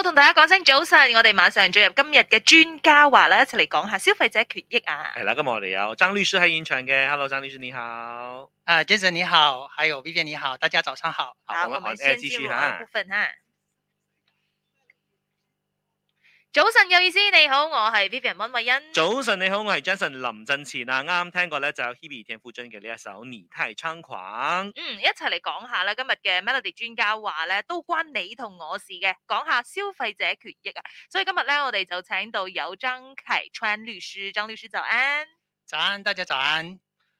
我同大家講聲早晨，我哋馬上進入今日嘅專家話咧，一齊嚟講下消費者權益啊。係啦，咁我哋有張律師喺現場嘅，Hello，張律師你好。啊、uh，Jason 你好，還有 Vivian 你好，大家早上好。好，好我們好先進入、呃、部分啊。早晨有意思，你好，我係 Vivian 溫慧欣。早晨你好，我係 Jason 林振前啊，啱啱聽過咧就有 Hebe 田馥甄嘅呢一首《你太猖狂》。嗯，一齊嚟講下啦，今日嘅 Melody 專家話咧都關你同我事嘅，講下消費者權益啊。所以今日咧我哋就請到有張凱川律師，張律師早安。早安，大家早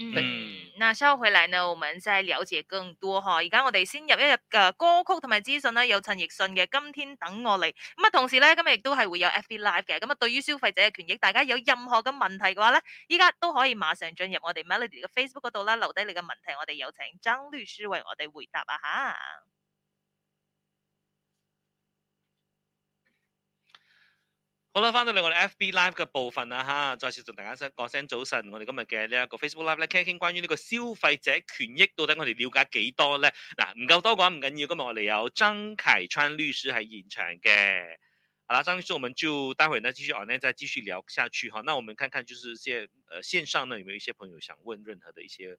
嗯，嗱、mm，收、hmm. 回嚟呢，我哋再了解更多嗬。而家我哋先入一入嘅歌曲同埋資訊啦，有陳奕迅嘅《今天等我嚟》。咁啊，同時咧，今日亦都係會有 FB Live 嘅。咁啊，對於消費者嘅權益，大家有任何嘅問題嘅話咧，依家都可以馬上進入我哋 Melody 嘅 Facebook 嗰度啦，留低你嘅問題，我哋有請張律師為我哋回答啊吓。好啦，翻到嚟我哋 F B Live 嘅部分啦，吓，再次同大家一講聲早晨。我哋今日嘅呢一個 Facebook Live 咧，傾一傾關於呢個消費者權益到底我哋了解幾多咧？嗱、啊，唔夠多嘅話唔緊要。今日我哋有張凱川律師喺現場嘅，好、啊、啦，張律師，我們就待會呢繼續我呢再繼續聊下去嗬，那我們看看，就是現誒、呃、線上呢，有沒有一些朋友想問任何的一些？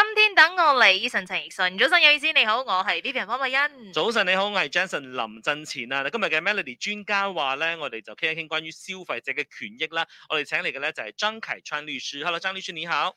今天等我嚟，陳陳奕迅。早晨，有意思，你好，我係 Vivian 方柏欣。早晨，你好，我係 Jenson 林振前啊。今日嘅 Melody 專家話咧，我哋就傾一傾關於消費者嘅權益啦。我哋請嚟嘅咧就係張凱川律師。Hello，張律師你好。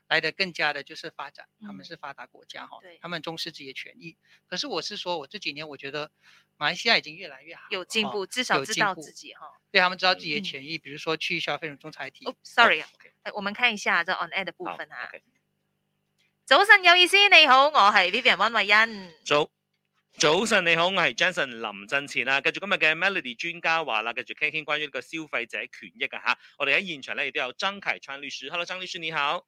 來得更加的就是發展，他們是發達國家哈，嗯、對他們重視自己的權益。可是我是說我這幾年我覺得馬來西亞已經越來越好，有進步，哦、至少知道自己哈，對，嗯、他們知道自己的權益。比如說去消費者仲裁庭。哦、嗯 oh,，sorry，誒，我們看一下這 on ad 的部分啊。早晨有意思，你好，我係 Vivian 溫慧恩。早，早晨你好，我係 Jason 林振前啊。繼續今日嘅 Melody 專家話啦，繼續傾一傾關於呢個消費者權益啊吓，我哋喺現場咧亦都有張凱川律師。Hello，張律師你好。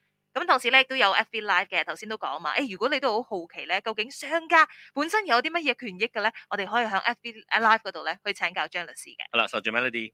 咁同時咧，亦都有 FB Live 嘅。頭先都講嘛，誒、哎，如果你都好好奇咧，究竟商家本身有啲乜嘢權益嘅咧，我哋可以喺 FB Live 嗰度咧去請教張律師嘅。好啦，收住 Melody。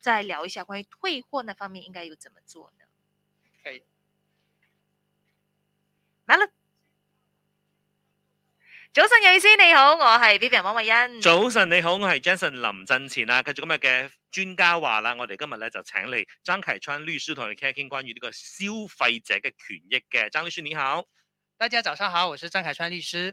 再聊一下關於退貨那方面應該有怎麼做呢？可以。來了，早晨，律師你好，我係 B B 汪慧欣。媽媽早晨你好，我係 Jason 林振前啊。繼續今日嘅專家話啦，我哋今日咧就請嚟張凱川律師同我哋傾一傾關於呢個消費者嘅權益嘅。張律師你好，大家早上好，我是張凱川律師。